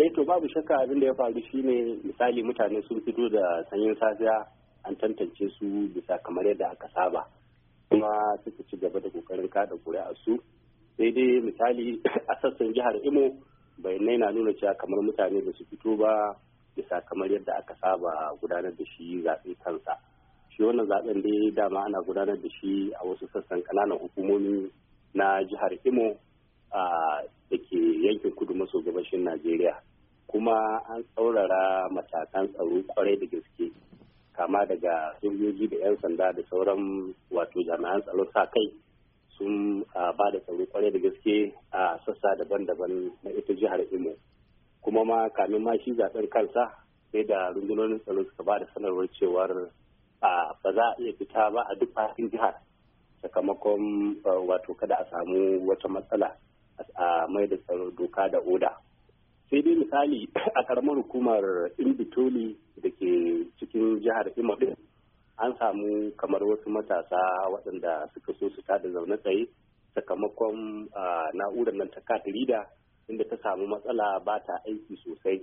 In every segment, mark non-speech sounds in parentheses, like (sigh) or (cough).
sai eh, to babu shakka abin da ya faru shine misali mutane sun fito da sanyin safiya an tantance su bisa kamar yadda aka saba kuma suka ci gaba da kokarin kada kuri'a su sai dai misali a sassan jihar imo bayanai na nuna cewa kamar mutane ba su fito ba bisa kamar yadda aka saba gudanar da shi zaɓe kansa shi wannan zaɓen dai dama ana gudanar da shi a wasu sassan ƙananan hukumomi na jihar imo ah, da ke yankin kudu maso gabashin najeriya kuma an tsaurara matakan tsaro kwarai da gaske kama daga sojoji da 'yan sanda da sauran wato jami'an tsaro sa kai sun ba da tsaro kwarai da gaske a sassa daban-daban na ita jihar imo kuma ma kamin ma shi zaɓen kansa sai da rundunonin tsaro suka ba da sanarwar cewar ba za a iya fita ba a duk faɗin jihar sakamakon wato kada a samu wata matsala a mai da tsaro doka da oda sai dai misali (clears throat) a karamar hukumar inbitoli da ke cikin jihar imo ɗin an samu kamar wasu matasa waɗanda suka so su tada zaune tsaye sakamakon na'urar nan ta katirida inda ta samu matsala ba ta aiki sosai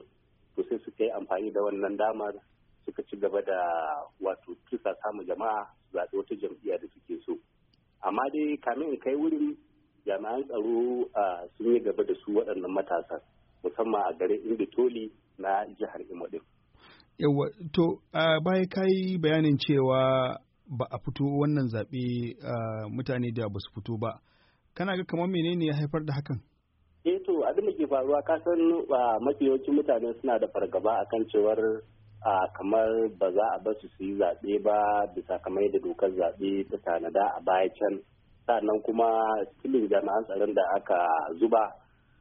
to sai suka yi amfani da wannan damar suka ci gaba da wato kisa samu jama'a su zaɓi wata jam'iyya da suke so amma dai kamin in kai wurin jami'an tsaro sun yi gaba da su waɗannan matasan musamman a garin Inditoli na jihar Imo din. Yawwa, to baya ka yi bayanin cewa ba a fito wannan zaɓe mutane da ba su fito ba. Kana ga kamar menene ya haifar da hakan? Eh to abin da ke faruwa ka san mafi yawancin mutane suna da fargaba akan cewar a kamar ba za a basu su yi zaɓe ba bisa kamar yadda dokar zaɓe ta tanada a baya can sannan kuma filin jami'an tsaron da aka zuba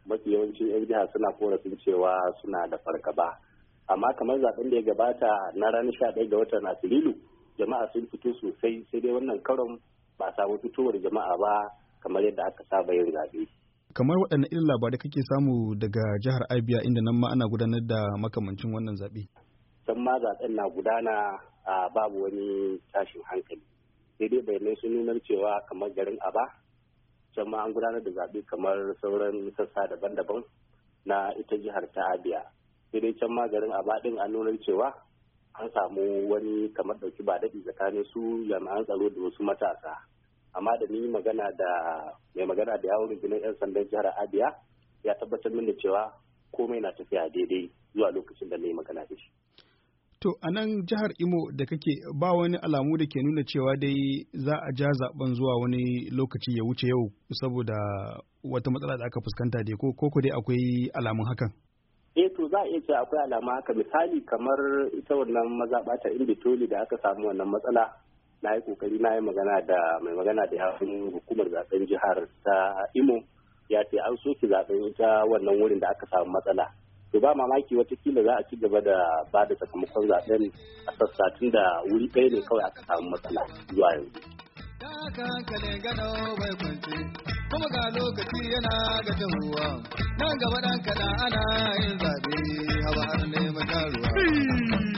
mafi yawancin 'yan jiha suna korafin cewa suna da fargaba amma kamar zaben da ya gabata na ranar sha ɗaya ga watan afrilu jama'a sun fito sosai sai dai wannan karon ba samu fitowar jama'a ba kamar yadda aka saba yin zaɓe. kamar waɗanne irin labarai kake samu daga jihar abia inda nan ma ana gudanar da makamancin wannan zaɓe. can ma zaɓen na gudana a babu wani tashin hankali sai dai bayanai sun nuna cewa kamar garin aba can ma an gudanar da zaɓe kamar sauran sassa daban-daban na ita jihar ta abiya sai dai can ma garin baɗin an nuna cewa an samu wani kamar ɗauki ba daɗi tsakanin su jami'an tsaro da wasu matasa amma da ni magana da mai magana da yawon rundunar 'yan sandan jihar abiya ya tabbatar mini cewa komai na tafiya daidai zuwa lokacin da na yi magana da shi To a nan jihar Imo da kake ba wani alamu da ke nuna cewa dai za a ja zaben zuwa wani lokaci ya wuce yau saboda wata matsala da aka fuskanta da ko ko dai akwai alamun hakan. eh to za a iya cewa akwai alama haka misali kamar ita wannan mazaɓa ta inditoli da aka samu wannan matsala na yi kokari na yi magana da mai magana da yawon hukumar zaben jihar ta imo ya ce an soke zaben ita wannan wurin da aka samu matsala to ba mamaki watakila za a ci gaba da ba da sakamakon zaɓen a sassa tun da wuri ɗaya ne kawai aka samu matsala zuwa yanzu. kuma ga lokaci yana ga ruwa nan gaba ɗan kaɗa ana yin zaɓe hawa har neman ruwa.